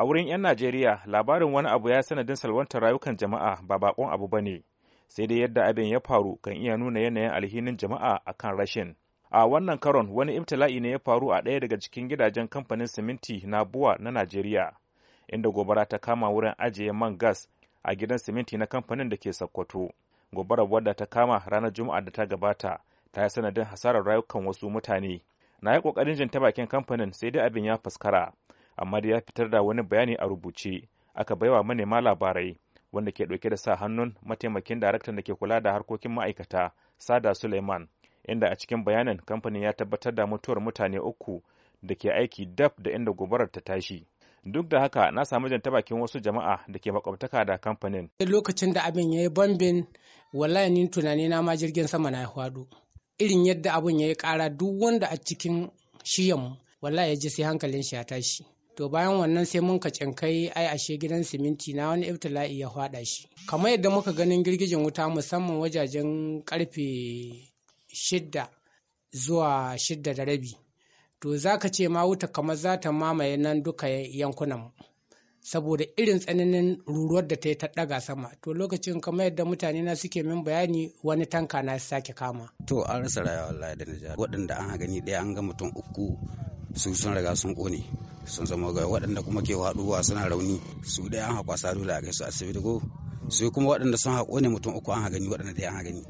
a wurin 'yan najeriya labarin wani abu ya sanadin salwantar rayukan jama'a ba bakon abu ba ne sai dai yadda abin ya faru kan iya nuna yanayin alhinin jama'a a kan rashin a wannan karon wani imtila'i ne ya faru a ɗaya daga cikin gidajen kamfanin siminti na buwa na najeriya inda gobara ta kama wurin ajiye man gas a gidan siminti na kamfanin da ke sokoto gobarar wadda ta kama ranar juma'a da ta gabata ta yi sanadin hasarar rayukan wasu mutane na yi ƙoƙarin jin ta bakin kamfanin sai dai abin ya fuskara. amma da ya fitar da wani bayani a rubuce aka bai wa manema labarai wanda ke ɗauke da sa hannun mataimakin daraktan da ke kula da harkokin ma'aikata sada suleiman inda a cikin bayanin kamfanin ya tabbatar da mutuwar mutane uku da ke aiki dab da inda gobarar ta tashi duk da haka na samu jan ta bakin wasu jama'a da ke makwabtaka da kamfanin lokacin da abin ya yi bambin wallahi ni tunani na ma jirgin sama na ya faɗo irin yadda abun ya yi kara duk wanda a cikin shiyan wallahi ya ji sai hankalin shi ya tashi to bayan wannan sai mun kai ai ashe gidan siminti na wani iftila'i ya hwada shi kamar yadda muka ganin girgijin wuta musamman wajajen karfe shidda zuwa shidda da rabi to za ka ce ma wuta kamar za ta mamaye nan duka yankunan saboda irin tsananin ruruwar da ta yi ta ɗaga sama to lokacin kamar yadda mutane na suke min bayani wani tanka na sake kama to an rasa rayuwa wallahi da waɗanda an gani ɗaya an ga mutum uku su sun riga sun ƙone sun zama ga waɗanda kuma ke haɗuwa suna rauni su dai an haƙwasa dole a gaisu asibiti ko su kuma waɗanda sun haƙo ne mutum uku an gani waɗanda dai an gani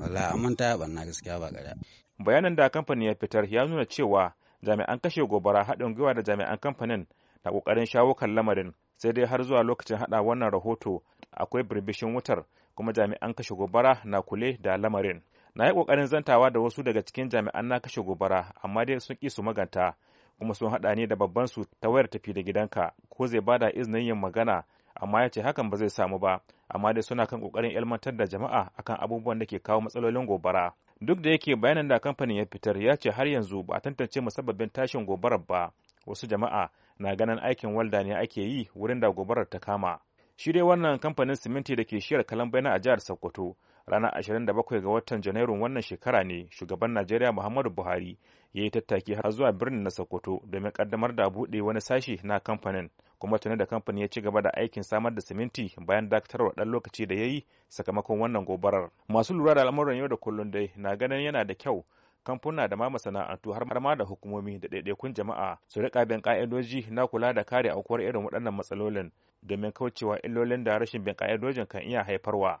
wala an manta ya ɓanna gaskiya ba gada. bayanan da kamfanin ya fitar ya nuna cewa jami'an kashe gobara haɗin gwiwa da jami'an kamfanin na ƙoƙarin shawo kan lamarin sai dai har zuwa lokacin haɗa wannan rahoto akwai birbishin wutar kuma jami'an kashe gobara na kule da lamarin na yi ƙoƙarin zantawa da wasu daga cikin jami'an na kashe gobara amma dai sun ƙi su maganta kuma sun haɗa ne da babban su ta wayar tafi da gidanka ko zai bada izinin yin magana amma ya ce hakan ba zai samu ba amma dai suna kan kokarin ilmantar da jama'a akan abubuwan da ke kawo matsalolin gobara duk da yake bayanan da kamfanin ya fitar ya ce har yanzu ba a tantance musabbabin tashin gobarar ba wasu jama'a na ganin aikin walda ne ake yi wurin da gobarar ta kama shi dai wannan kamfanin siminti da ke shiyar kalambai na a jihar sokoto ranar 27 ga watan janairun wannan shekara ne shugaban najeriya muhammadu buhari ya yi tattaki har zuwa birnin na sokoto domin kaddamar da buɗe wani sashi na kamfanin kuma tuni da kamfanin ya ci gaba da aikin samar da siminti bayan dakatarwa ɗan lokaci da ya yi sakamakon wannan gobarar masu lura da al'amuran yau da kullum dai na ganin yana da kyau kamfuna da ma masana'antu har ma da hukumomi da ɗaiɗaikun jama'a su riƙa bin ƙa'idoji na kula da kare aukuwar irin waɗannan matsalolin domin kaucewa illolin da rashin bin ƙa'idojin kan iya haifarwa